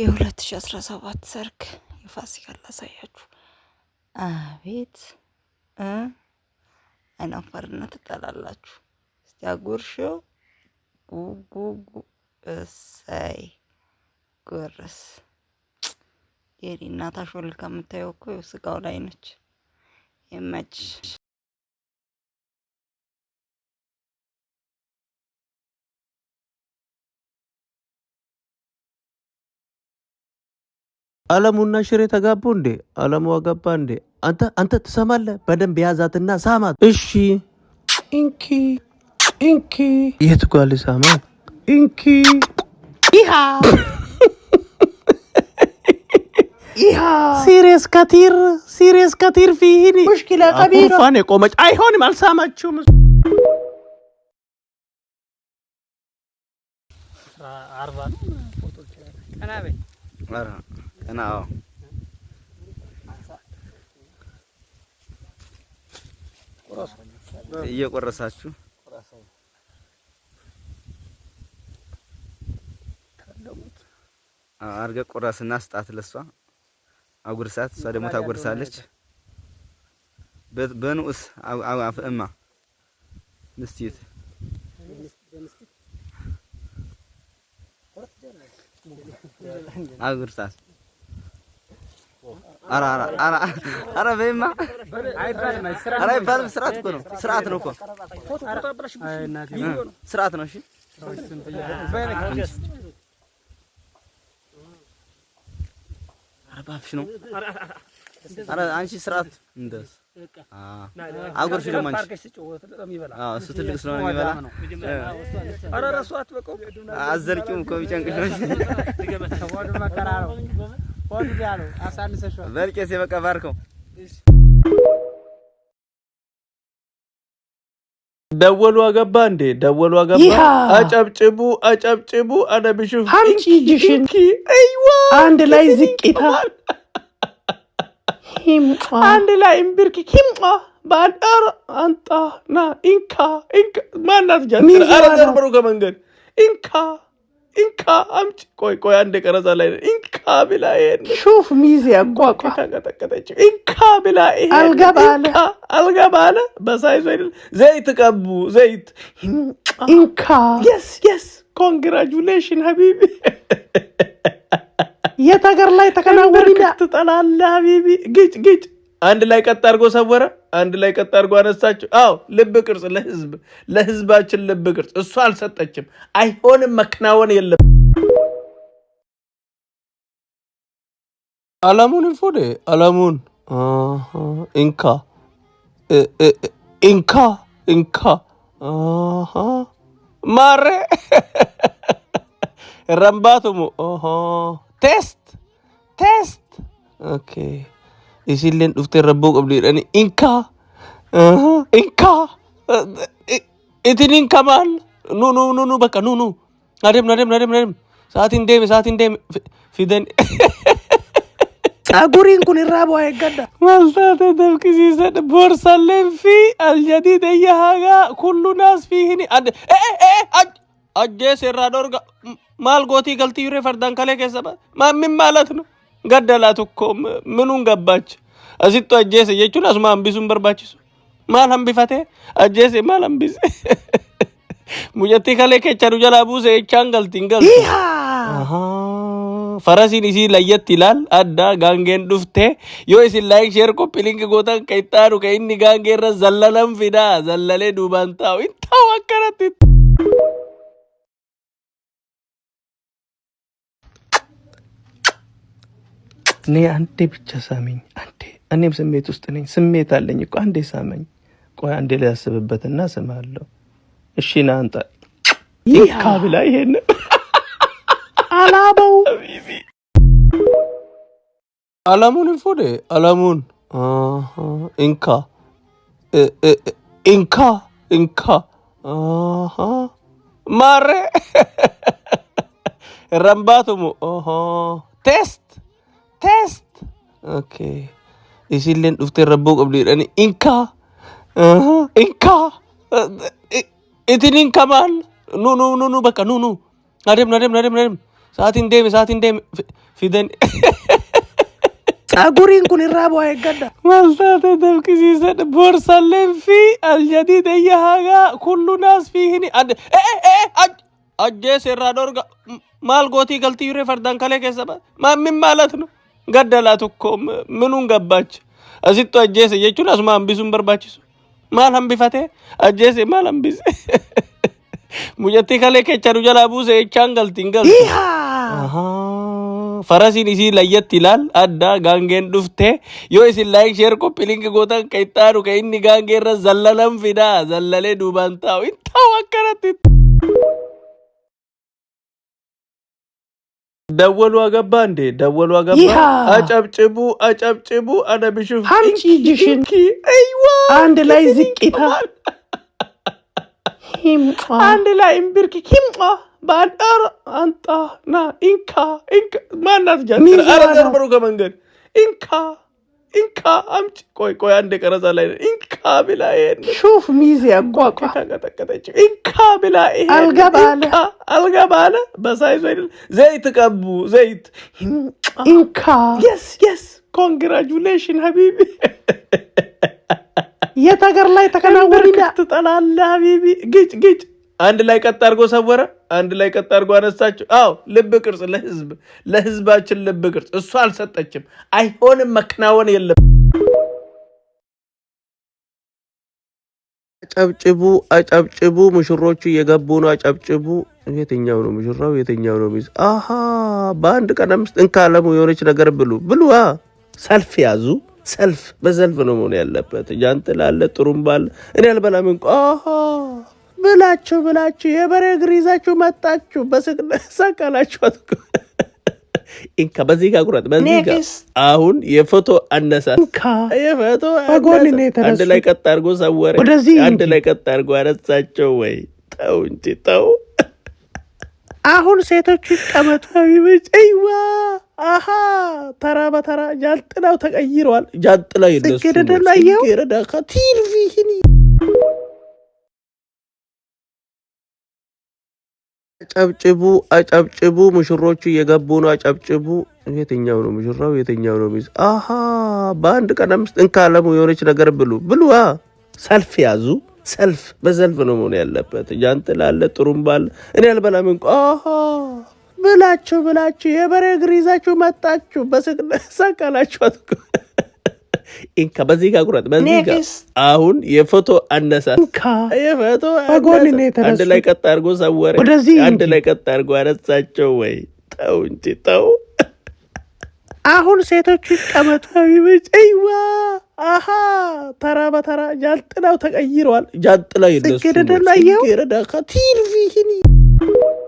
የ2017 ሰርግ የፋሲካ ላሳያችሁ። አቤት አይናፋርነት ትጠላላችሁ። እስቲ አጉርሽው ጉጉጉ እሰይ ጎረስ የኔ እናት አሾልካ የምታየው እኮ ስጋው ላይ ነች። ይመችሽ። አለሙና ሽሬ ተጋቡ እንዴ? አለሙ አገባ እንዴ? አንተ አንተ ትሰማለህ? በደንብ ያዛትና ሳማት። እሺ እንኪ እንኪ። የት ጓል ሳማት? እንኪ ይሃ ሲሪየስ ከቲር ሲሪየስ ከቲር ፊህኒ ሙሽኪላ ቀቢራ ፋኔ ቆመች። አይሆንም፣ አልሳማችሁም። አርባ ነው ፎቶ ይችላል ቀናበኝ ነው። እየቆረሳችሁ አድርገህ ቁረስና ስጣት። ለሷ አጉርሳት፣ እሷ ደግሞ ታጎርሳለች። በንዑስ አፍእማ ምስቲት አጉርሳት ኧረ በይማ ኧረ አይባልም። ስርዓት እኮ ነው። ስርዓት ነው እኮ ስርዓት ነው። እሺ ኧረ ባፍሽ ነው። ኧረ አንቺ ስርዓት እንደስ አጉርሽ ደግሞ አንቺ እሱ ትልቅ ስለሆነ የሚበላ ኧረ እራሱ አትበቃውም። አዘልቂውም እኮ ቢጨንቅሽ ነው በልቄስ በቃ ባርከው። ደወሉ አገባ እንዴ ደወሉ አገባ። አጨብጭቡ አጨብጭቡ። አነብሽፍ አምጪ እጅሽን አንድ ላይ ዝቂታ አንድ ላይ እምብርክ ኪምቋ በአዳር አንጣ ና ኢንካ ኢንካ ማናት ጃ አረ ዘርበሩ ከመንገድ ኢንካ እንካ አምጪ። ቆይ ቆይ አንድ ቀረጻ ላይ እንካ ብላ ይሄን ሹፍ ሚዜ አቋቋ ተቀጠቀጠች። እንካ ብላ ይሄን አልገባለ አልገባለ በሳይዞ አይደል ዘይት ቀቡ ዘይት እንካ። የስ የስ ኮንግራጁሌሽን ሀቢቢ የት ሀገር ላይ ተከናወነ? ትጠላለ ሀቢቢ ግጭ ግጭ አንድ ላይ ቀጥ አድርጎ ሰወረ፣ አንድ ላይ ቀጥ አድርጎ አነሳቸው። አዎ ልብ ቅርጽ ለህዝብ ለህዝባችን ልብ ቅርጽ እሱ አልሰጠችም። አይሆንም፣ መከናወን የለም። አላሙን ፎደ አላሙን ኢንካ ኢንካ ኢንካ ማሬ ረምባቱሙ ቴስት ቴስት ኦኬ isilleen dhuftee rabboo qabdu jedhanii inka inka itin inka maal nu nu nu nu bakka nu nu adeemna adeemna adeemna adeemna saatiin deeme saatiin deeme fidan kun irraa bu'aa eeggadda. Maal ፀጉሪን ኩን fi aljadii dayya hagaa kullu naas fi hin እየሃጋ ee ee ፊህኒ አጀ ሴራ ዶርጋ ማል ጎቲ ገልቲ ዩሬ ፈርዳን ከሌ ከሰባ ማምን ማለት ነው ገደላት እኮ ምኑን ገባች እሲቶ እጄስ እየቹን አሱማ አንቢሱን በርባችሱ ማል አንቢፈቴ አጀሴ ማል አንቢስ ሙጀቲ ከሌ ከቻ ጀላ ቡሴ ቻን ገልቲን ገልቲ ፈረሲን እሲ ለየት ይላል አዳ ጋንጌን ዱፍቴ ዮ እሲ ላይክ ሼር ኮፒ ሊንክ ጎታን ከይጣሩ ከይኒ ጋንጌ ረ ዘለለም ፊዳ ዘለሌ ዱባንታው ኢንታው አከረት እኔ አንዴ ብቻ ሳመኝ። አንዴ እኔም ስሜት ውስጥ ነኝ። ስሜት አለኝ እኮ አንዴ ሳመኝ። ቆይ አንዴ ላያስብበትና ስማለሁ። እሺ ና አንጣ ይህ ካብላ ይሄን አላበው አላሙን ኢንፎዴ አላሙን ኢንካ ኢንካ ኢንካ ማሬ ረምባቱሙ ቴስት test okay isilleen dhuftee rabboo qabdiidhaan inka inka itin inka maal nu nu nu nu bakka nu nu adeemna adeemna adeemna adeemna sa'aatiin deeme sa'aatiin deeme fidan ፀጉሪን ኩን ራ ቦ አይገዳ ማልታተ ደብቅሲሰን ቦርሳሌን ፊ አልጀዲድ እየሃጋ ኩሉ ናስ ፊህኒ አጀስ ራ ዶርጋ ማል ጎቲ ገልቲ ዩሬ ፈርዳን ከሌ ከሰባ ማምን ማለት ነው ገደላት እኮ ምኑን ገባች? እዚቶ አጀሰ እየቹን አስማ አንቢሱን በርባችሱ ማል አንቢፈቴ አጀሰ ማል አንቢስ ሙጀቲ ከሌ ኬቻኑ ጀላ ቡሴ ቻን ገልቲን ገል ፈረሲን isi ለየት ይላል አዳ ጋንጌን ዱፍቴ ዮ isi ላይክ ሼር ኮፒ ሊንክ ጎታን ከይጣሩ ከኢኒ ጋንጌ ረ ዘለለም ፊዳ ዘለለ ዱባንታው ኢንታው ይታዋከረት ደወሉ አገባ እንዴ ደወሉ አገባ። አጨብጭቡ አጨብጭቡ። አነብሽፍ አንቺ እጅሽን አንድ ላይ ዝቂታ አንድ ላይ እምብርክ ኪምጧ በአንጠር አንጣ ና ኢንካ ማናት ጃአረዘርበሩ ከመንገድ ኢንካ ኢንካ አምጭ ቆይ ቆይ አንድ ቀረጻ ላይ ኢንካ ብላ ይሄን ሹፍ ሚዜ አቋቋ ተቀጠቀጠች። እንካ ብላ ይሄን አልገባለ አልገባለ በሳይዞ አይደል ዘይት ቀቡ ዘይት እንካ። የስ የስ ኮንግራጁሌሽን ሀቢቢ የት ሀገር ላይ ትጠላለ ሀቢቢ ግጭ ግጭ አንድ ላይ ቀጥ አድርጎ ሰወረ። አንድ ላይ ቀጥ አድርጎ አነሳቸው። አዎ ልብ ቅርጽ ለህዝብ ለህዝባችን ልብ ቅርጽ እሱ አልሰጠችም። አይሆንም፣ መከናወን የለም አጨብጭቡ አጨብጭቡ፣ ሙሽሮቹ እየገቡ ነው። አጨብጭቡ። የትኛው ነው ሙሽራው? የትኛው ነው ሚስ? አሀ በአንድ ቀን አምስት እንካለሙ የሆነች ነገር ብሉ ብሉ። ሰልፍ ያዙ። ሰልፍ በሰልፍ ነው መሆን ያለበት። ጃንጥላ አለ፣ ጥሩምባ አለ። እኔ አልበላም እንኳ ብላችሁ ብላችሁ የበሬ እግር ይዛችሁ መጣችሁ። በስቅለ ሳቃላችሁ እንካ፣ በዚህ ጋር ቁረጥ፣ በዚህ ጋር አሁን የፎቶ አነሳስ የፎቶ አንድ ላይ ቀጥ አድርጎ ሰወረ፣ አንድ ላይ ቀጥ አድርጎ አነሳቸው። ወይ ተው እንጂ ተው። አሁን ሴቶቹ ይቀመጡ። ይዋ አሀ ተራ በተራ ጃንጥላው ተቀይረዋል። ጃንጥላ የለሱ ቲርቪህን አጨብጭቡ አጨብጭቡ፣ ሙሽሮቹ እየገቡ ነው። አጨብጭቡ። የትኛው ነው ሙሽራው? የትኛው ነው ሚስ? አሀ በአንድ ቀን አምስት እንካለሙ የሆነች ነገር ብሉ ብሉ። ሰልፍ ያዙ። ሰልፍ በሰልፍ ነው መሆን ያለበት። ጃንጥላ አለ፣ ጥሩምባ አለ። እኔ አልበላም እንኳ አሀ ብላችሁ ብላችሁ የበሬ እግር ይዛችሁ መጣችሁ። በስቅለ ሳቃላችሁ ኢንካ በዚህ ጋር ቁረጥ፣ በዚህ ጋር አሁን የፎቶ አነሳስ የፎቶ አንድ ላይ ቀጥ አድርጎ ሰወረ፣ አንድ ላይ ቀጥ አድርጎ አነሳቸው። ወይ ተው እንጂ ተው። አሁን ሴቶቹ ይቀመጡ። ይዋ አሀ ተራ በተራ ጃንጥላው ተቀይረዋል። ጃንጥላው የለሱ ቲርቪህን